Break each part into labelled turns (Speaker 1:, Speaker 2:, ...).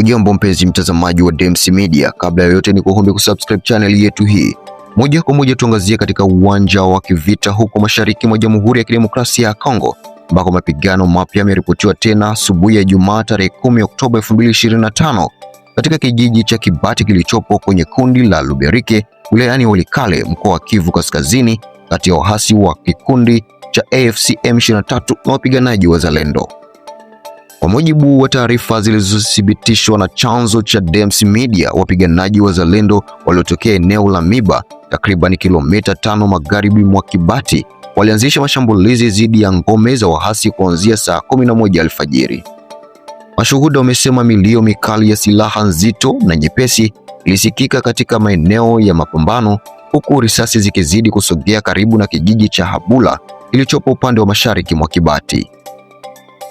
Speaker 1: Ujambo mpenzi mtazamaji wa Dems Media, kabla ya yote ni kuombe kusubscribe channel yetu hii. Moja kwa moja tuangazie katika uwanja wa kivita huko mashariki mwa Jamhuri ya Kidemokrasia ya Kongo ambako mapigano mapya yameripotiwa tena asubuhi ya jumaa tarehe 10 Oktoba 2025 katika kijiji cha Kibati kilichopo kwenye kundi la Luberike wilayani Walikale mkoa wa Kivu Kaskazini kati ya wahasi wa kikundi cha AFC M23 na wapiganaji wa Zalendo. Kwa mujibu wa taarifa zilizothibitishwa na chanzo cha Dems Media, wapiganaji wazalendo waliotokea eneo la Miba, takriban kilomita tano magharibi mwa Kibati, walianzisha mashambulizi dhidi ya ngome za waasi kuanzia saa 11 alfajiri. Mashuhuda wamesema milio mikali ya silaha nzito na nyepesi ilisikika katika maeneo ya mapambano, huku risasi zikizidi kusogea karibu na kijiji cha Habula kilichopo upande wa mashariki mwa Kibati.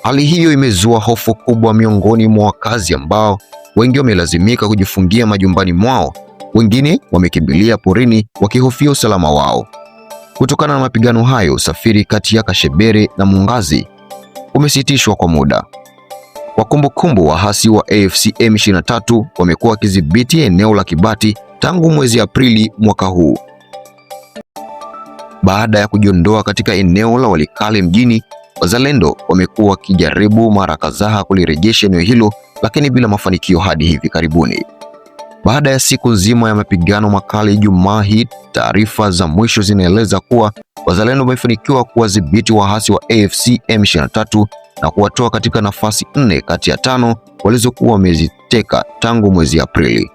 Speaker 1: Hali hiyo imezua hofu kubwa miongoni mwa wakazi ambao wengi wamelazimika kujifungia majumbani mwao, wengine wamekimbilia porini wakihofia usalama wao. Kutokana na mapigano hayo, usafiri kati ya Kashebere na Mungazi umesitishwa kwa muda. Wakumbukumbu waasi wa AFC M23 wamekuwa wakidhibiti eneo la Kibati tangu mwezi Aprili mwaka huu. Baada ya kujiondoa katika eneo la Walikale mjini, Wazalendo wamekuwa wakijaribu mara kadhaa kulirejesha eneo hilo, lakini bila mafanikio hadi hivi karibuni. Baada ya siku nzima ya mapigano makali Ijumaa hii, taarifa za mwisho zinaeleza kuwa wazalendo wamefanikiwa kuwadhibiti waasi wa AFC M23 na kuwatoa katika nafasi nne kati ya tano walizokuwa wameziteka tangu mwezi Aprili.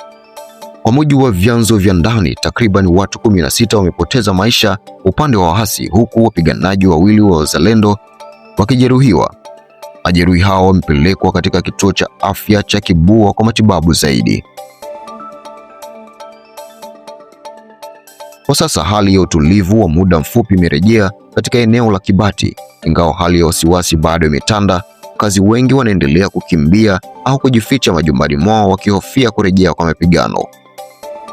Speaker 1: Kwa mujibu wa vyanzo vya ndani, takriban watu 16 wamepoteza maisha upande wa waasi, huku wapiganaji wawili wa wazalendo wakijeruhiwa. Majeruhi hao wamepelekwa katika kituo cha afya cha Kibua kwa matibabu zaidi. Kwa sasa hali ya utulivu wa muda mfupi imerejea katika eneo la Kibati, ingawa hali ya wasiwasi bado imetanda. Wakazi wengi wanaendelea kukimbia au kujificha majumbani mwao wakihofia kurejea kwa mapigano.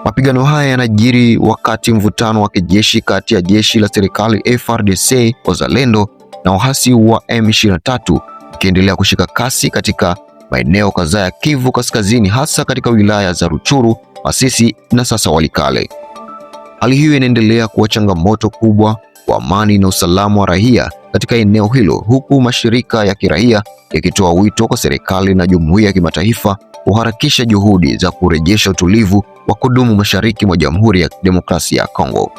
Speaker 1: Mapigano haya yanajiri wakati mvutano wa kijeshi kati ya jeshi la serikali wa wazalendo na uhasi wa M23 ukiendelea kushika kasi katika maeneo kadhaa ya Kivu Kaskazini, hasa katika wilaya za Ruchuru, Masisi na sasa Walikale. Hali hiyo inaendelea kuwa changamoto kubwa kwa amani na usalama wa raia katika eneo hilo, huku mashirika ya kiraia yakitoa wito kwa serikali na jumuiya ya kimataifa kuharakisha juhudi za kurejesha utulivu wa kudumu mashariki mwa Jamhuri ya Demokrasia ya Kongo.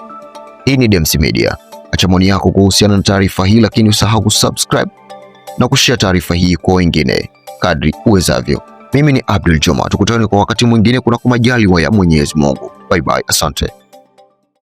Speaker 1: Hii ni Dems Media. Acha maoni yako kuhusiana na taarifa hii, lakini usahau kusubscribe na kushare taarifa hii kwa wengine kadri uwezavyo. Mimi ni Abdul Juma, tukutane kwa wakati mwingine kunako majaliwa ya Mwenyezi Mungu. Bye bye, asante.